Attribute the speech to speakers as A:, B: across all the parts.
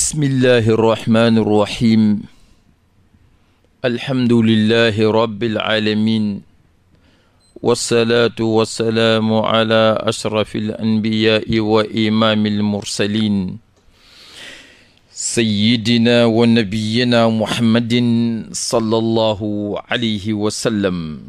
A: bismillahi irrahmani irrahim alhamdulillahi rabbilalamin walsalaatu walsalaamu ala ashrafi alanbiyaai wa imaami almursalin sayidina wa nabiyina muhammadin sallallahu alayhi wa sallam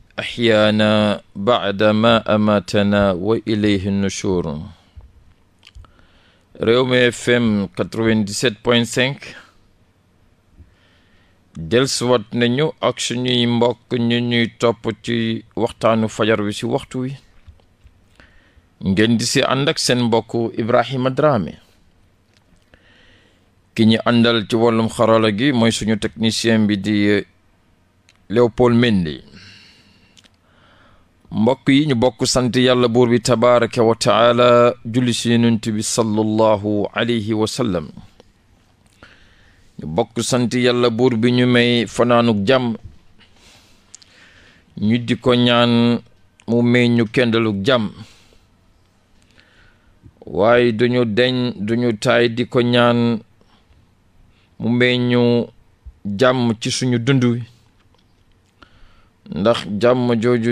A: axyaana bacda ma amatana wa ilayhi nushur Rewmi FM 97.5 delswat nañu ak suñuy mbokk ñu ñuy topp ci waxtaanu fajar wi ci waxtu wi ngeen di si ànd ak seen mbokk Ibrahima Dramé ki ñu àndal ci wàllum xarala gi mooy suñu technicien bi di eh, Léopold Mendy mbokk yi ñu bokk sant yàlla buur bi tabaraka wa taala julli si yonent bi sallallahu alayhi wa ñu bokk sant yàlla buur bi ñu may fanaanuk jàmm ñu di ko ñaan mu may ñu kendaluk jàmm waaye duñu deñ duñu taay di ko ñaan mu may ñu jàmm ci suñu dund wi ndax jàmm jooju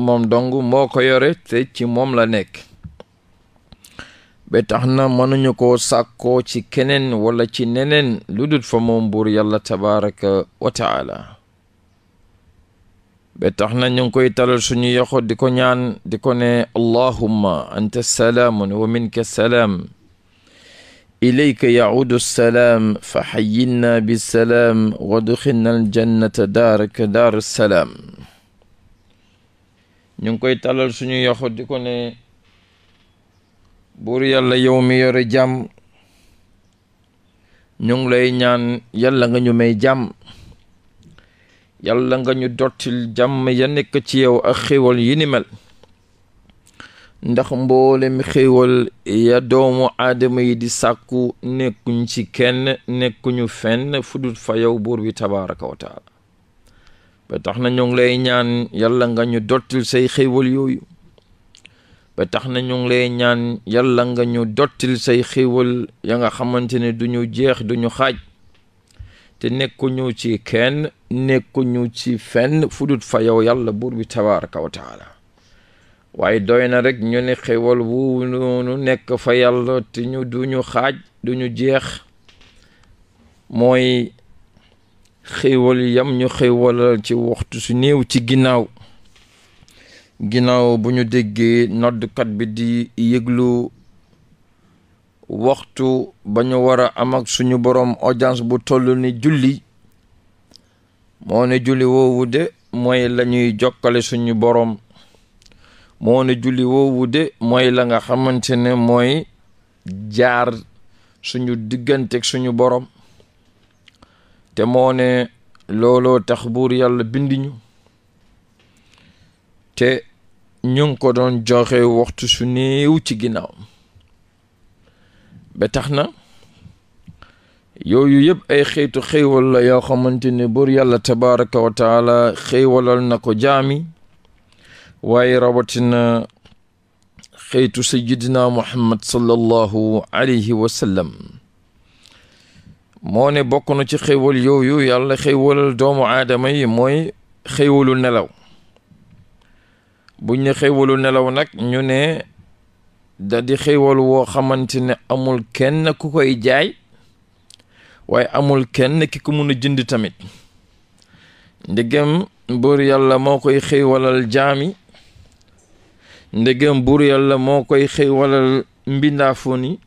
A: moom dong moo ko yore te ci moom la nekk ba tax na mënuñu ko sàkkoo ci keneen wala ci neneen lu dul fa moom buur yàlla tabaraka wa taala ba tax na ñu koy talal suñu yoxo di ko ñaan di ko ne allahumma anta salaamun wa minka salaam ilayka yacuudu salaam fa xayinnaa bisalaam wa duxilna aljannata daaraka daaru salaam ñu ngi koy talal suñu yoxo di ko ne buur yàlla yow mi yore jàmm ñu ngi lay ñaan yàlla nga ñu may jàmm yàlla nga ñu dottil jàmm ya nekk ci yow ak xéwal yi ni mel ndax mboolem xéwal ya doomu aadama yi di sàkku nekkuñ ci kenn nekkuñu fenn fudut fa yow buur bi tabaraka wa ba tax na ñu ngi lay ñaan yàlla nga ñu dottil say xéewal yooyu ba tax na ñu lay ñaan yàlla nga ñu dottil say xéewal ya nga xamante ne du ñu jeex du ñu xaaj te nekkuñu ci kenn nekkuñu ci fenn fudut fa yow yàlla buur bi tabaraka wa taala waaye doy na rek ñu ne xéwal wu noonu nekk fa yàlla te ñu duñu xaaj duñu jeex mooy xéewal yam ñu xéewalal ci waxtu su néew ci ginnaaw ginnaaw bu ñu déggee noddkat bi di yëglu waxtu ba ñu war a am ak suñu boroom audience bu toll ni julli moo ne julli woowu de mooy la jokkale suñu boroom moo ne julli woowu de mooy la nga xamante ne mooy jaar suñu digganteeg suñu boroom te looloo tax buur yàlla bindiñu te ñu ngi ko doon joxe waxtu su néew ci ginnaaw ba tax na yooyu yëpp ay xeetu xéewal la yoo xamante ne buur yàlla tabaraka wa taala na ko jaami waaye rawatina xeetu sayyidina muhammad sallallahu alayhi wa moo ne bokk na ci xéwal yooyu yàlla xéwalal doomu aadama yi mooy xéwalu nelaw buñ ne xéwalu nelaw nag ñu ne da di xéwal woo xamante ne amul kenn ku koy jaay waaye amul kenn ki ko mun a jënd tamit ndegem buur yàlla moo koy xéwalal jaami ndegem buur yàlla moo koy xéwalal mbindaafoon yi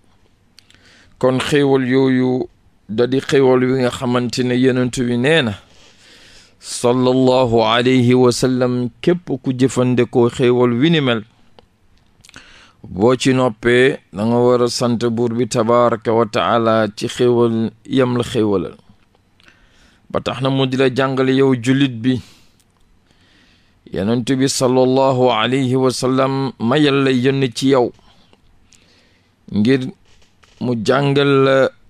A: kon xéwal yooyu da di wi nga xamante ne yenentu bi nee na sallallahu alayhi wa sallam képp ku jëfandikoo xewal wi ni boo ci noppe danga nga war a sant buur bi tabaraka wa ci xewal yam la xewalal ba tax na mu dila la jàngale yow jullit bi yenentu bi sallallahu alayhi wa sallam mayal ci yow ngir mu jàngal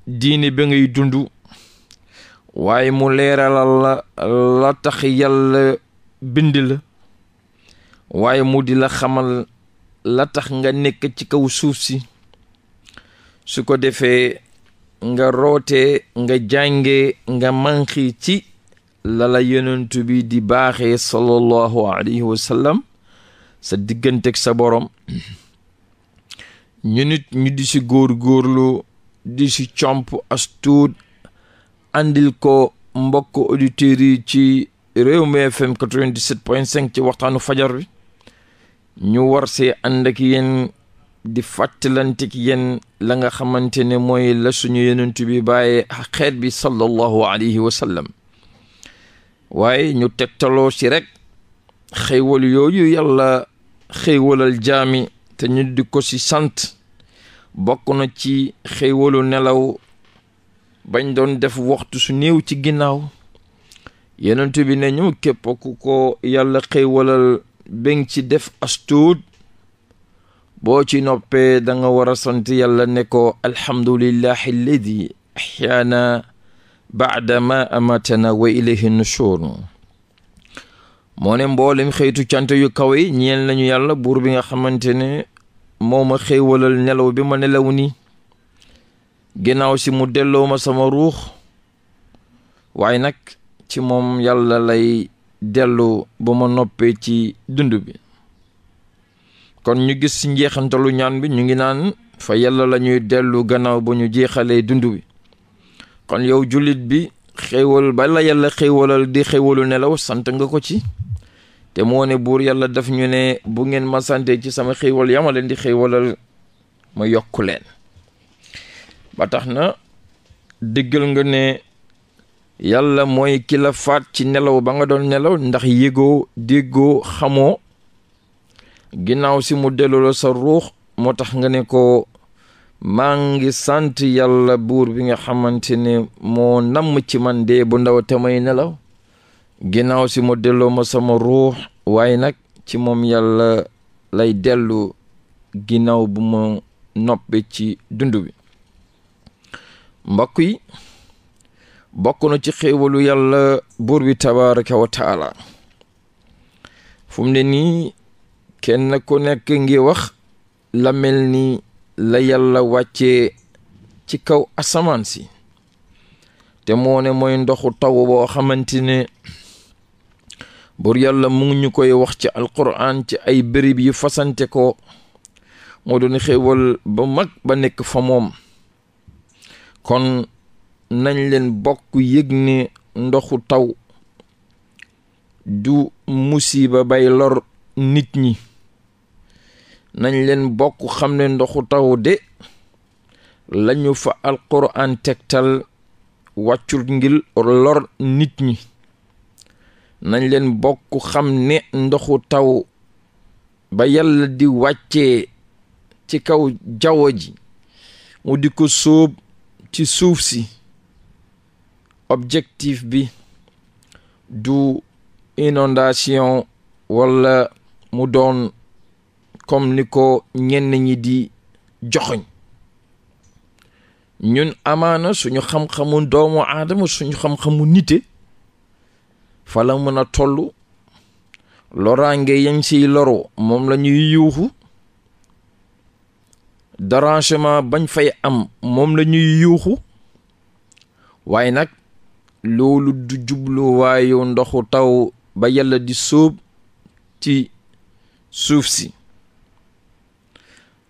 A: diine bi ngay dund waaye mu leeralal la la tax yàlla bind la waaye mu di la xamal la tax nga nekk ci kaw suuf si su ko defee nga rootee nga jàngee nga manxi ci lala yonent bi di baaxee sallallahu alayhi wa sallam sa digganteek sa borom ñu nit ñu di si góor góorlu di si comp astuut andil ko mbokk auditeurs yi ci réew mi fm 97.5 ci waxtaanu fajar bi ñu war se ànd ak di fàttalantik yéen la nga xamante ne mooy la suñu yonent bi bàyyee xeet bi sallallahu alayhi wa waaye ñu tegtaloo si rekk xéewal yooyu yàlla xéewalal jaami te ñu di ko si sant bokk na ci xéewalu nelaw bañ doon def waxtu su néew ci ginnaaw yenent bi ne ñu képp ku ko yàlla xéewalal beng ci def astuut boo ci noppee danga nga war a yàlla ne ko alhamdulillahi alladi axyaana baada ma amatana wa ilayhi nushur moo ne mboolem xëytu cant yu kaw yi ñeel nañu yàlla nga xamante moo ma xéewalal nelaw bi ma nelaw nii ginnaaw si mu delloo ma sama ruux waaye nag ci moom yàlla lay dellu ba ma noppee ci dund bi kon ñu gis ci njeexantalu ñaan bi ñu ngi naan fa yàlla la ñuy dellu gannaaw bu ñu jeexalee dund bi kon yow jullit bi xéewal ba yàlla xéewalal di xéewalu nelaw sant nga ko ci te moo ne buur yàlla def ñu ne bu ngeen ma sante ci sama xéewal yama leen di xéewalal ma yokku leen ba tax na déggal nga ne yàlla mooy ki la faat ci nelaw ba nga doon nelaw ndax yégoo déggoo xamoo ginnaaw si mu delloo la sa ruux moo tax nga ne ko maa ngi sant yàlla buur bi nga xamante ne moo nam ci man dee bu ndaw te may nelaw ginnaaw si mu delloo ma sama ruux waaye nag ci moom yàlla lay dellu ginnaaw bu ma noppee ci dund bi mbokk yi bokk na ci xéewalu yàlla buur bi tabaraka wa taala fu ne nii kenn ku nekk ngi wax la mel ni la yàlla wàcce ci kaw asamaan si te moo ne mooy ndoxu taw boo xamante buur yàlla mu koy wax ci alquran ci ay bërib yu fasante ko moo doon xéewal ba mag ba nekk fa moom kon nañ leen bokk yëg ne ndoxu taw du musiba bay lor nit ñi nañ leen bokk xam ne ndoxu taw de lañu fa alquran tegtal wàccul ngir lor nit ñi nañ leen bokk xam ni ndoxu taw ba yàlla di wàccee ci kaw jawo ji mu di ko sóob ci suuf si objectif bi du inondation walla mu doon comme ni ko ñenn di joxoñ ñun amaana suñu xam-xamu doomu aadama suñu xam-xamu nite fala mën a toll loraange yañ siy loro moom la ñuy yuuxu dérangement bañ fay am moom la ñuy yuuxu waaye nag loolu du jubluwaayu ndoxu taw ba yàlla di sóob ci suuf si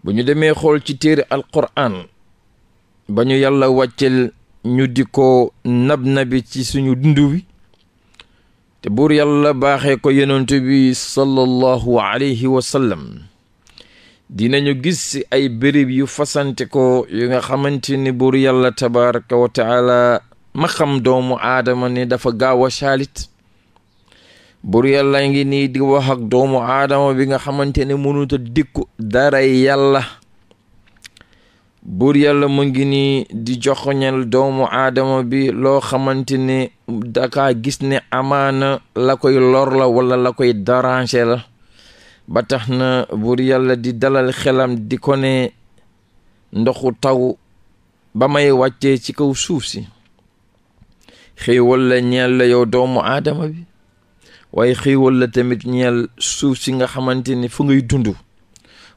A: bu ñu demee xool ci téere alquran ba ñu yàlla wàccel ñu di ko nab nabi ci suñu dund wi te buur yàlla baaxee ko yonent bi sallallahu alayhi wa dinañu gis ci ay bërëb yu fasante ko yu nga xamante ni buur yàlla tabaraka wa taala ma doomu aadama ne dafa gaaw a saalit buur yàlla ngi nii di wax doomu aadama bi nga xamante ne mënuta dikku daray yàlla buur yàlla mu ngi nii di joxoñal doomu aadama bi loo xamante ne dakaa gis ne amaana la koy lorla la wala la koy déranger la ba tax na buur yàlla di dalal xelam di ko ne ndoxu taw ba may wàccee ci kaw suuf si xéewal la ñeel la yow doomu aadama bi waaye xéewal la tamit ñeel suuf si nga xamante ne fu ngay dund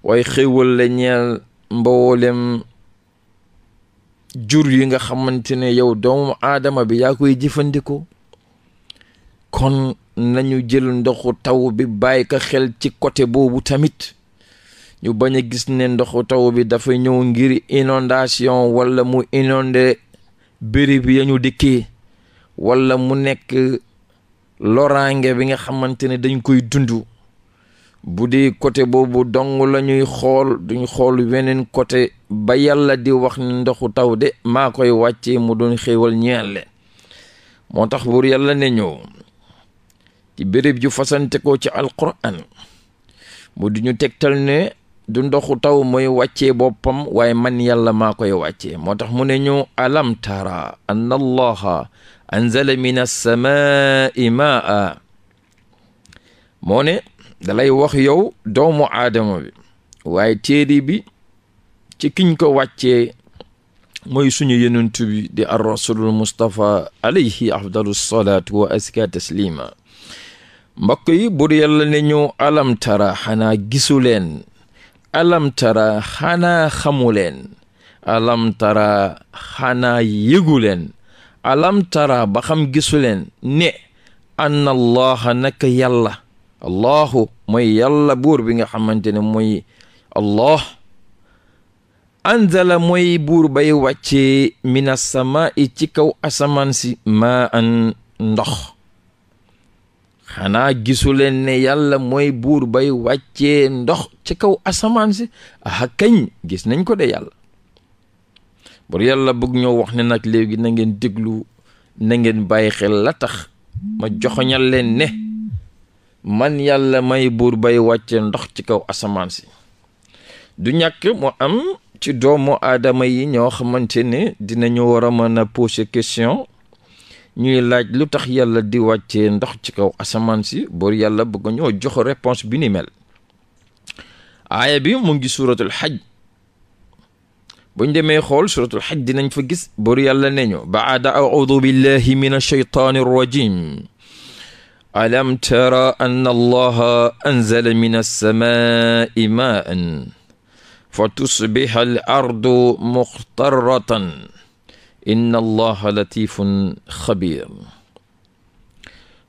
A: waaye xéewal la ñeel mboolem jur yi nga xamante ne yow doomu aadama bi yaa koy jëfandikoo kon nañu jël ndoxu taw bi bàyyi ko xel ci côté boobu tamit ñu bañ a gis ne ndoxu taw bi dafa ñëw ngir inondation walla mu inonde béréb ya ñu dëkkee wala mu nekk loraange bi nga xamante ne dañ koy dund bu di côté boobu dong la ñuy xool duñ xool weneen côté ba yàlla di wax ni ndoxu taw de maa koy wàccee mu doon xéewal ñeel leen moo tax wur yàlla ne ñëw ci béréb ju fasante ko ci alquran mu di ñu tegtal ne du ndoxu taw mooy wàccee boppam waaye man yàlla maa koy wàccee moo tax mu ne ñu alam tara anna allaha anzala min assamaa'i maa moo ne dalay wax yow doomu aadama bi waaye téere bi ci kiñ ko wàccee mooy suñu yenentu bi di ar rasulul mustapha alayhi afdalu salaatu wa aska taslima mbokk yi bur yàlla ne ñu alamtara tara xanaa gisu leen alam tara xanaa xamu leen yëgu leen alam ba xam gisuleen leen ne anna allaha naka yàlla allahu mooy yàlla buur bi nga xamante ne mooy allah anzala mooy buur bay wàcce mina sama ci kaw asamaan si ma an ndox xanaa gisuleen ne yàlla mooy buur bay wàccee ndox ci kaw asamaansi si aha gis nañ ko de yàlla bur yàlla bëgg ñoo wax ne nag léegi na ngeen déglu na ngeen bàyyi xel la tax ma joxoñal leen ne man yàlla may buur bay wàcce ndox ci kaw asamaan si du ñàkk mu am ci doomu aadama yi ñoo xamante ne dinañu war a mën a poser question ñuy laaj lu tax yàlla di wàccee ndox ci kaw asamaan si buur yàlla bëgg ñoo jox réponse bi ni mel aaya bi mu ngi suuratul xaj buñ demee xool suuratul xaj dinañ fa gis buur yàlla ne ñu baada audu billahi min ashaytaani rajim alam tara anna allaha anzala min alsamai maan fa tusbiha al muxtaratan inna allaha latifun xabir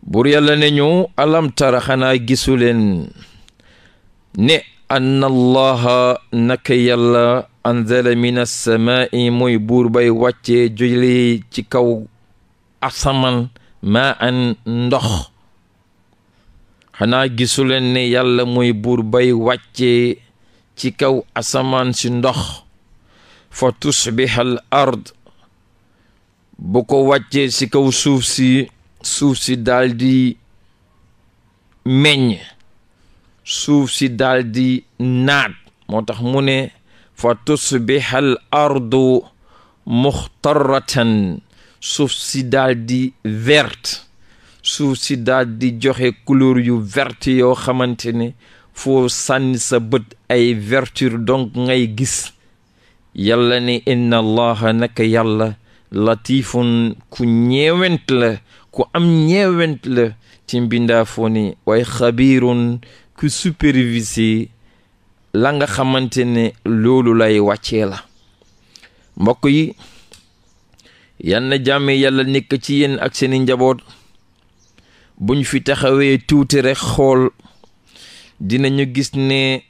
A: buur yàlla ne ñu alam tara xanaa gisuleen ne anna allaha naka yàlla anzala min alsamaai mooy buur bay wàccee ci kaw asaman maa an ndox xanaa gisuleen ne yàlla mooy buur bay wàccee ci kaw asamaan si ndox fa tusbiha ard bu ko wàccee ci kaw suuf si suuf si daldi meññ suuf si daldi naat moo tax mu ne fa tusbiha al ardu muxtaratan suuf si daldi vert su ci daal di joxe couleur yu verte yoo xamante ne foo sànni sa bët ay verture donc ngay gis yàlla ne inna allaha naka yàlla latifun ku ñeewent la ku am ñeewent la ci mbindaa foo ni waaye xabiirun ku supervise la nga xamante ne loolu lay wàccee la mbokk yi yann jàmme yàlla nekk ci yenn ak seeni njaboot bu ñu fi taxawee tuuti rekk xool dinañu gis ne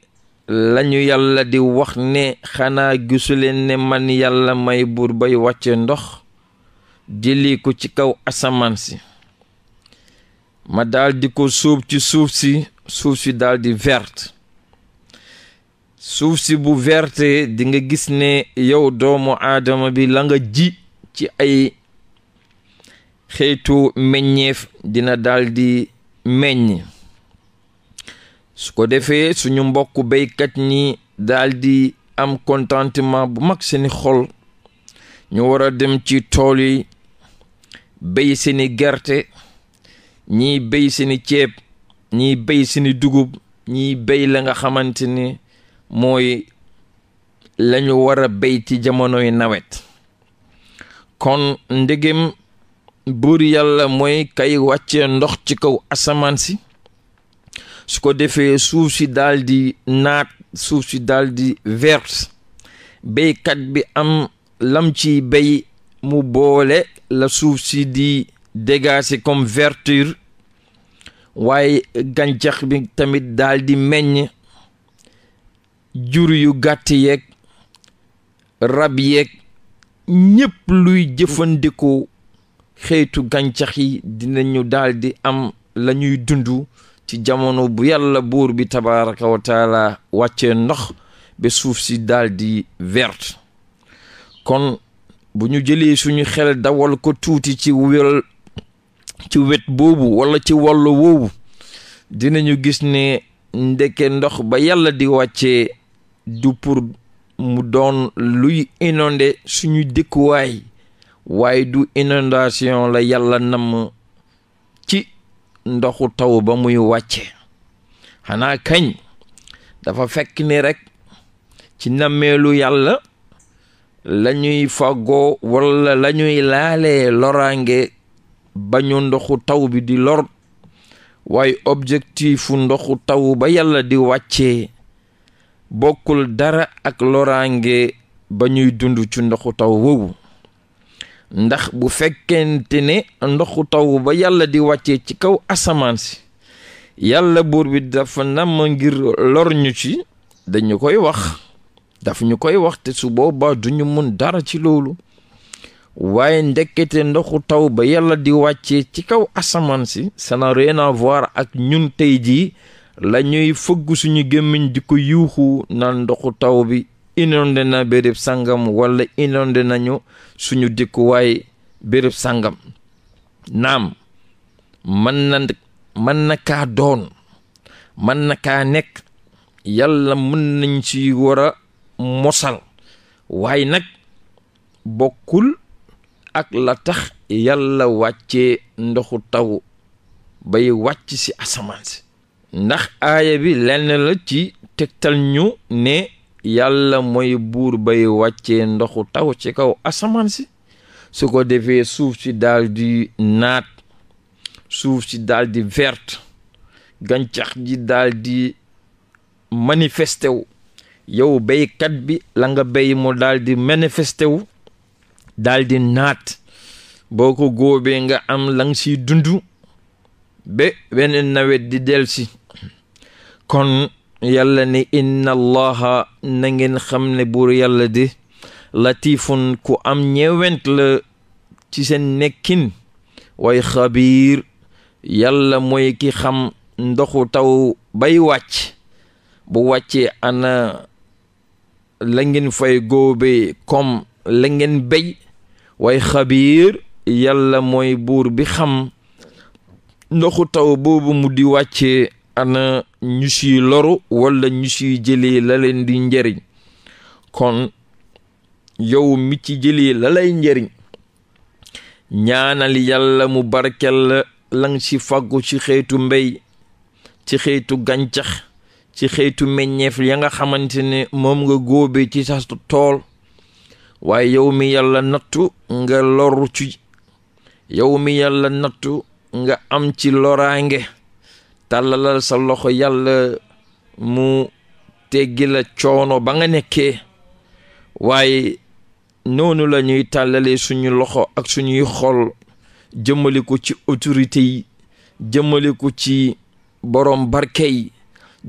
A: lañu yàlla di wax ne xanaa gisuleen ne man yàlla may buur bay wàcce ndox jëli ko ci kaw asamaan si ma daldi ko sóob ci suuf si suuf si daldi verte suuf si bu verte dinga gis ne yow doomu aadama bi la nga ji ci ay xeetu meññeef dina daldi meññ su ko defee suñu mbokk béykat ñi daldi am contentement bu mag seeni xol ñu war a dem ci tool yi béy seeni gerte ñiy béy seeni ceeb ñiy béy seeni dugub ñiy béy la nga xamante ni mooy lañu wara a ci jamonoy nawet kon ndegem buur yàlla mooy kay wàcce ndox ci kaw asamaan si su ko defee suuf si daal naat suuf si daldi di verte béykat bi am lam ci béy mu boole la suuf si di dégager comme verdure waaye gàncax bi tamit daldi di meññ jur yu gàtt yeeg rab yeeg ñépp luy jëfandikoo xeetu gàncax yi dinañu daldi am lañuy dundu ci jamono bu yàlla buur bi tabaraka wa ndox ba suuf si daldi di kon bu ñu jëlee suñu xel dawal ko tuuti ci ci wet boobu wala ci wàllu woowu dinañu gis ne ndeke ndox ba yàlla di wàccee du pour mu doon luy inondé suñu dëkkuwaay waaye du inondation la yàlla namm ci ndoxu taw ba muy wàcce xanaa kañ dafa fekk ni rekk ci nammeelu yàlla lañuy ñuy fàggoo walla la ñuy loraange ba ñu ndoxu taw bi di lor waaye objectifu ndoxu taw ba yàlla di wàcce bokkul dara ak loraange ba ñuy dund ci ndoxu taw woowu ndax bu fekkente ne ndoxu taw ba yàlla di wàccee ci kaw asamaan si yàlla buur bi dafa namm ngir lorñu ci dañu koy wax daf ñu koy wax te su duñu mën dara ci loolu waaye ndekkete ndoxu taw ba yàlla di wàcce ci kaw asamaan si ça n'a rien ak ñun tey jii lañuy fëgg suñu gémmiñ di ko yuuxu na ndoxu taw bi inondé na béréb sàngam wala inondé nañu suñu dikkuwaay béréb sàngam naam mën na kaa doon mën na kaa nekk yàlla mën nañ ci war a mosal waaye nag bokkul ak la tax yàlla wàccee ndoxu taw bay wacc ci asamaan ndax aaya bi la ci tegtal ñu ne yàlla mooy buur bay wàccee ndoxu taw ci kaw asamaan si su ko defee suuf si daldi naat suuf si daldi di verte gàncax ji daldi di yow béykat bi la nga béy mu daal di manifesté naat boo ko góobee nga am lang nga dundu dund ba beneen nawet di dellusi kon yàlla ni inna allaha na ngeen xam ne buur yàlla di latifun ku am ñeewent la ci seen nekkin way xabiir yàlla mooy ki xam ndoxu taw bay wàcc bu wàccee ana la ngeen fay góobe comme la ngeen béy xabiir yàlla mooy buur bi xam ndoxu taw boobu mu di wàccee ana ñu siy loru wala ñu siy jëlee la di njariñ kon yow mi ci jëlee la njariñ ñaanal yàlla mu barkel la lang ci fàggu ci xeetu mbéy ci xeetu gàncax ci xeetu meññeef ya nga xamante ne moom nga góobee ci sa tool waaye yow mi yàlla nattu nga loru ci yow mi yàlla nattu nga am ci loraange tàllalal sa loxo yàlla mu teggila coono ba nga nekkee waaye noonu la ñuy tàllalee suñu loxo ak suñuy xol jëmmale ko ci autorité yi jëmmali ko ci borom barke yi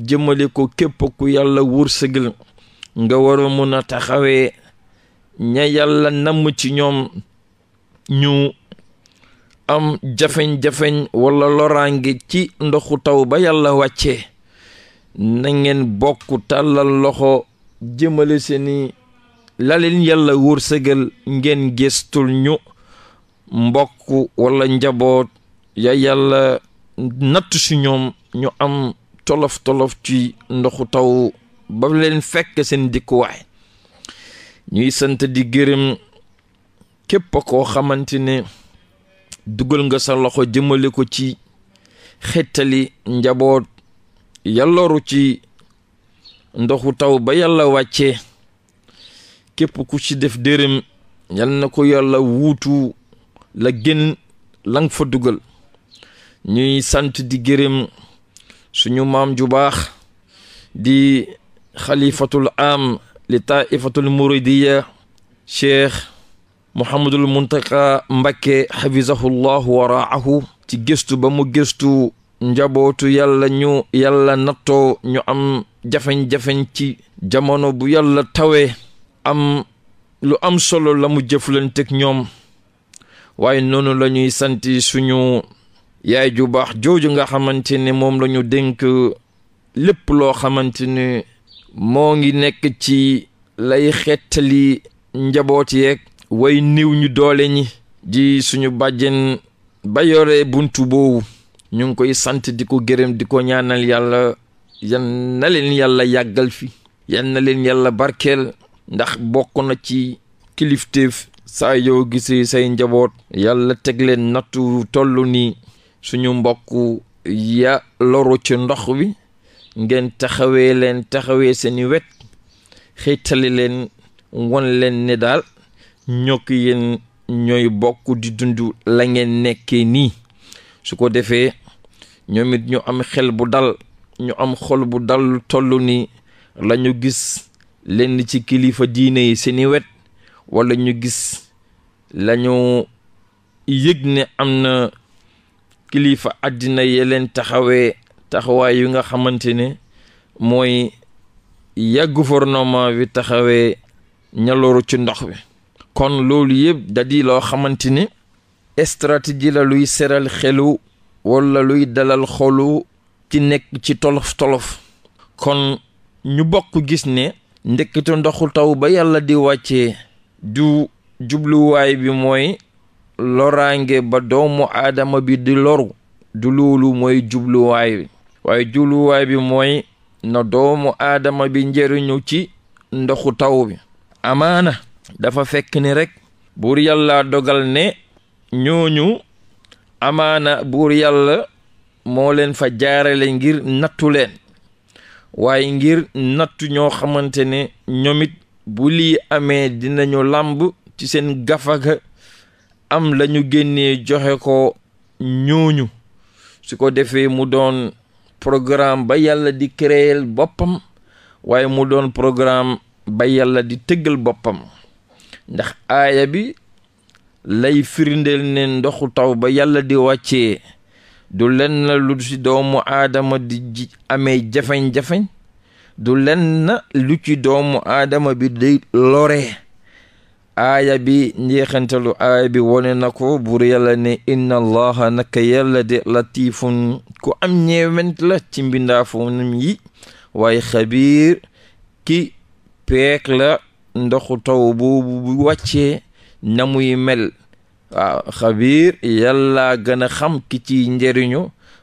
A: jëmmali ko képp ku yàlla wërsëgal nga war a mun a taxawee ña yàlla namm ci ñoom ñu am jafeñ-jafeñ wala loraange ci ndoxu taw ba yàlla wàcce na ngeen bokk tàllal loxo jëmale seeni la leen yàlla wërsëgal ngeen gestul ñu mbokk wala njaboot ya yàlla natt si ñoom ñu am tolof tolof ci ndoxu taw ba leen fekk seen dikkuwaay ñuy sant di gërëm képp koo xamante ne dugal nga sa loxo jëmale ko ci xettali njaboot yàllooru ci ndoxu taw ba yàlla wàcce képp ku ci def dërëm yal na ko yalla wuutu la gën lang fa dugal ñuy sant di gërëm suñu maam ju baax di xalifatul am li taifatul muridiya cheikh Mouhamadul Muntaka Mbakke xafisahullahu wa raahu ci gëstu ba mu gëstu njabootu yàlla ñu yàlla nattoo ñu am jafeñ-jafeñ ci jamono bu yàlla tawee am lu am solo la mu jëflanteeg ñoom waaye noonu la ñuy sant suñu yaay ju baax jooju nga xamante ne moom lañu ñu dénk lépp loo xamante ne moo ngi nekk ci lay xettali njaboot yeeg way niw ñu doole ñi di suñu bàjjen ba yore buntu boobu ñu ngi koy sant di ko gërëm di ko ñaanal yàlla yan na yàlla yàggal fi yan na leen yàlla barkeel ndax bokk na ci kilifteef saa yoo gisee say njaboot yàlla teg leen nattu toll nii suñu mbokk ya loru ci ndox wi ngeen taxawee leen taxawee seeni wet xëytali leen won leen ne daal ñokk yéen ñooy bokk di dund la ngeen nekkee nii su ko defee ñoom it ñu am xel bu dal ñu am xol bu dal lu toll ni la gis lenn ci kilifa diine yi seeni wet wala ñu gis lañu yëg ne am na kilifa àddina ye leen taxawee taxawaay nga xamante ne mooy ya gouvernement bi taxawee ñalooru ci ndox bi kon loolu yépp da di loo xamante ni stratégie la luy seral xelu walla luy dalal xolu ci nekk ci tolof tolof kon ñu bokk gis ne ndekkite ndoxu taw ba yàlla di wàcce du jubluwaay bi mooy loraange ba doomu aadama bi di loru du loolu mooy jubluwaay bi waaye jubluwaay bi mooy na doomu aadama bi njëriñu ci ndoxu taw bi amaana dafa fekk ni rekk buur yàlla dogal ne ñooñu amaana buur yàlla moo leen fa jaarale ngir nattu leen waaye ngir nattu ñoo xamante ne ñoom it bu lii amee dinañu làmb ci seen gafaga am lañu génnee joxe ko ñooñu su ko defee mu doon programme ba yàlla di créer boppam waaye mu doon programme ba yàlla di tëggal boppam ndax aaya bi lay firndeel ne ndoxu taw ba yàlla di wàccee du lenn lu doomu aadama di amee jafeñ-jafeñ du lenn lu ci doomu aadama bi di lore aaya bi njeexantalu aaya bi wone na ko buur yàlla ne inna allaha naka yàlla de latifun ku am ñeewent la ci mbindaafonam yi waaye xabiir ki peek ndoxu taw boobu bu wàccee na mel waaw xabiir yàlla gën a xam ci njëriñu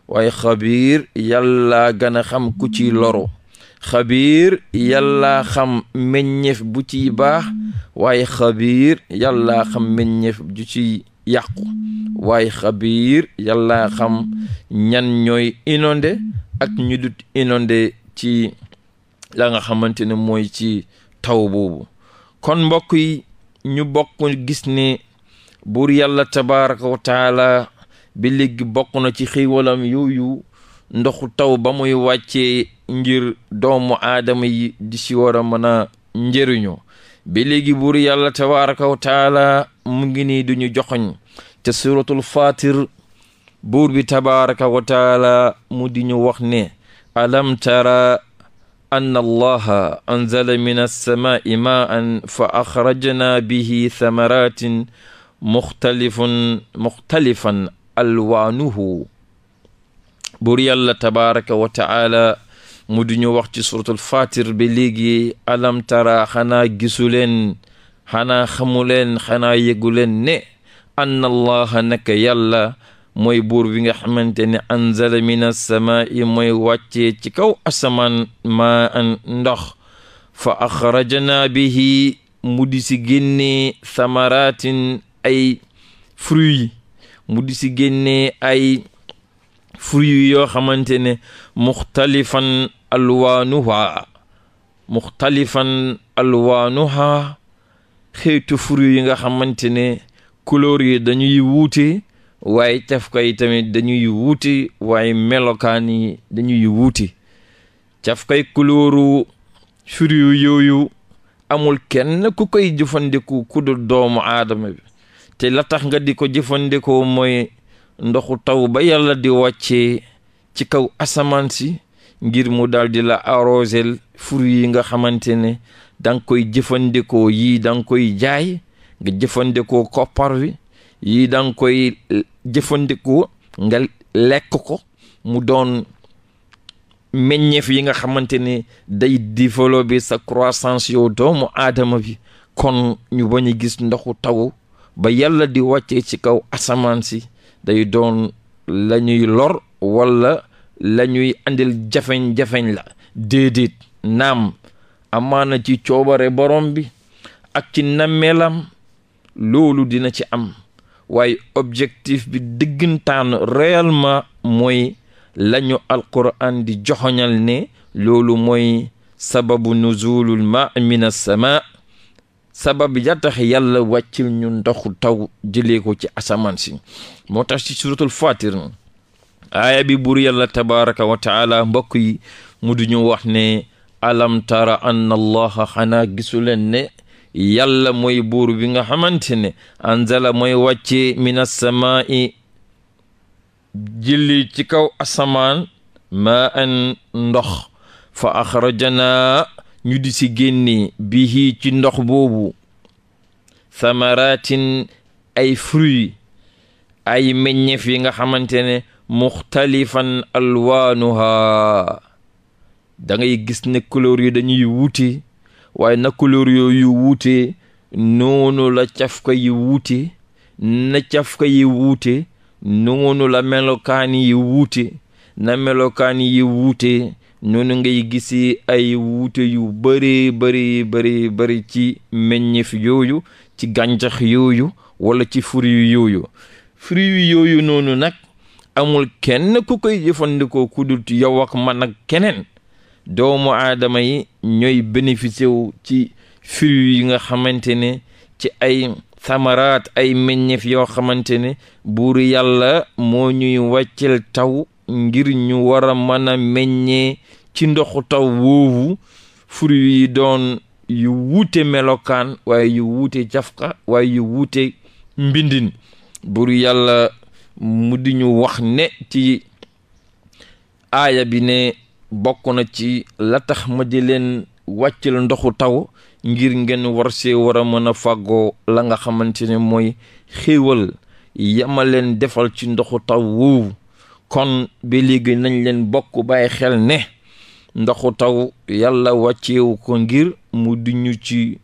A: waaye xabiir yàlla gën a xam ku ci loru xabiir yàlla xam meññeef bu ciy baax waaye xabiir yàlla xam meññeef ju ci yàqu waaye xabiir yàlla xam ñan ñooy inondé ak ñu inondé ci la nga xamante ne mooy ci taw boobu kon mbokk yi ñu bokk gis ni buur yàlla tabaraka wa bi léegi bokk na ci xiiwalam yooyu ndoxu taw ba muy wàccee ngir doomu aadama yi di si war a mën a njëriñoo bi léegi buur yàlla tabaraka wa mu ngi nii duñu joxoñ te suratul fatir buur bi tabaraka wa mu di ñu wax ne alam tara anna allaha anzala min alsamaai maan fa axrajna bihi thamaratin muxtalifun muxtalifan alwaanuhu buur yàlla tabaraka wa taala mu di ñu wax ci suratul fatir bi léegi alam tara xanaa gisuleen xanaa xamuleen xanaa yëguleen ne anna allaha naka yàlla mooy buur bi nga xamante ne anzala mina samaa'i mooy wàccee ci kaw asamaan maa an ndox fa axrajna bihi mu di si génnee samaratin ay fruits mu di si génnee ay fruits yoo xamante ne muxtalifan alwaanuha muxtalifan alwaanuha xeetu fruits yi nga xamante ne couleur yi dañuy wuute waaye cafka tamit dañuy wuuti waaye melokaan yi dañuy wuuti cafkay kulóoru firiyu yooyu amul kenn ku koy jëfandiku ku doomu aadama bi te la tax nga di ko jëfandikoo moy ndoxu taw ba yàlla di wacce ci kaw asamaan si ngir mu daal di la arrosel fruit yi nga xamante ne danga koy jëfandikoo yii danga koy jaay nga jëfandikoo koppar wi yi da koy eh, jëfandikoo nga lekk ko mu doon meññeef yi nga xamante ne day développer sa croissance yow doomu aadama bi kon ñu bañ gis ndoxu taw ba yàlla di wàccee ci kaw asamaan si day doon lañuy ñuy lor walla la andil jafeñ-jafeñ la déedéet naam amaana ci coobare borom bi ak ci nammeelam loolu dina ci am waaye objectif bi dëggantaan réellement mooy lañu alquran di joxoñal ne loolu mooy sababu nuzulul ma min as-sama sabab ya tax yàlla wàccil ñu ndoxu taw jëlee ko ci asamaan si moo tax ci suratul fatir aaya bi buur yàlla tabaraka wa taala mbokk yi mu duñu wax ne alam tara anna allaha xanaa gisuleen ne yàlla mooy buur bi nga xamante ne anzala mooy wàcce min assamaa'i jilli ci kaw asamaan ma an ndox fa axrajana ñu di si génne bihi ci ndox boobu samaratin ay fruit ay meññeef yi nga xamante ne muxtalifan alwaanuha da ngay gis ne couleur yi dañuy wuti waaye na couleur yooyu wuute noonu la cafka yi wuute na cafka yi wuute noonu la melokaani yi wuute na melokaani yi wuute noonu ngay gisi ay wuute yu bari bari bari ci meññeef yooyu ci gàncax yooyu wala ci fruit yooyu fruit yooyu noonu nag amul kenn ku koy jëfandikoo ku dul yow ak man ak keneen doomu aadama yi ñooy bénéficié wu ci fruits yi nga xamante ne ci ay samaraat ay meññeef yoo xamante ne buur yàlla moo ñuy wàccel taw ngir ñu wara a meññee ci ndoxu taw woowu fruits yi doon yu wuute melokaan waaye yu wuute cafka waaye yu wuute mbindin buur yàlla mu wax ne ci aaya bokk na ci la tax ma di leen wàccal ndoxu taw ngir ngeen war see war a mën a fàggoo la nga xamante ne mooy xéewal yama leen defal ci ndoxu taw woowu kon ba léegi nañ leen bokk bàyyi xel ne ndoxu taw yàlla wàccewu ko ngir mu duñu ci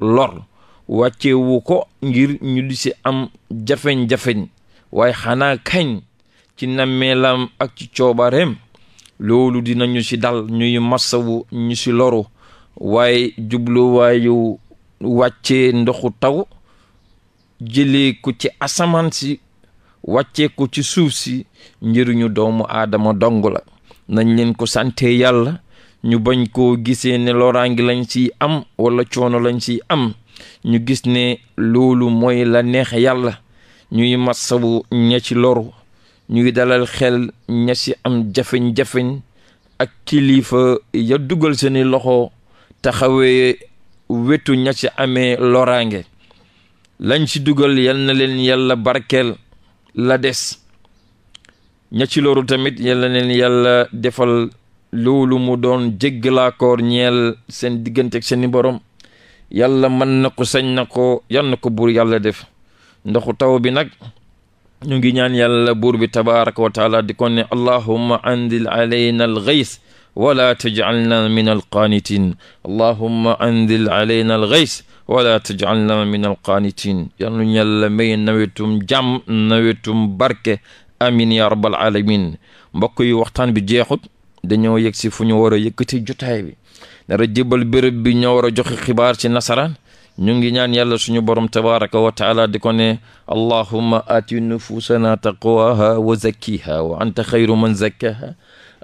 A: lor wàccewu ko ngir ñu di si am jafeñ-jafeñ waaye xanaa kañ ci nàmmeelam ak ci coobareem loolu dinañu ci dal ñuy massawu ñu ci loru waaye jubluwaayu wàccee ndoxu taw jëlee ko ci asamaan si wàccee ko ci suuf si njëriñu doomu aadama dong la nañ leen ko sante yàlla ñu bañ ko gisee ne loraangi lañ ci am walla coono lañ ci am ñu gis ne loolu mooy la neex yàlla ñuy massawu ña ci loru ñu ngi dalal xel ña si am jafeñ-jafeñ ak kilifa ya dugal seeni loxo taxawee wetu ña amee loraange lañ si dugal yal leen yàlla barkeel la des ña ci loolu tamit yal na leen yàlla defal loolu mu doon jéggalaakoor ñeel seen diggante seeni borom yàlla mën na ko sañ na ko yal ko buur yàlla def ndoxu taw bi nag ñu ngi ñaan yàlla buur bi tabaraka wa taala di kon ne allahumma andil alayna alxays wala tajcalna min alqaanitin allahumma andil alayna alxays wala tajcalna min alqaanitin yàlla ñu yàlla may nawetum jàmm nawetum barke amin ya rabbal alamin mbokk yi waxtaan bi jeexut dañoo yegg si fu ñu war a yëkkati jotaay bi dara jébal béréb bi ñoo war a joxe xibaar ci nasaraan ñu ngi ñaan yàlla suñu borom tabaraka wa taala di ko ne allahumma ati nufusana taqwaha wa zakkiha wa anta xayru man zakkaha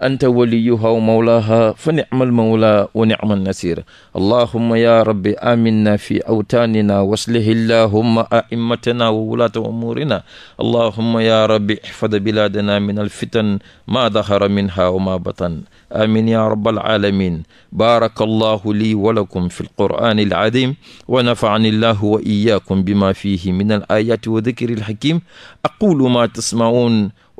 A: anta waliyuha wa mawlaha fa ni'mal mawla wa ni'mal nasir allahumma ya rabbi aminna fi awtanina waslih allahumma a'immatana wa wulata umurina allahumma ya rabbi ihfad biladana min alfitan ma dahara minha wa ma batan amin ya rabbal alamin baraka allahu li wa lakum fi alqur'ani alazim wa nafa'ani allahu wa iyyakum bima fihi min alayati wa dhikri alhakim aqulu ma tasma'un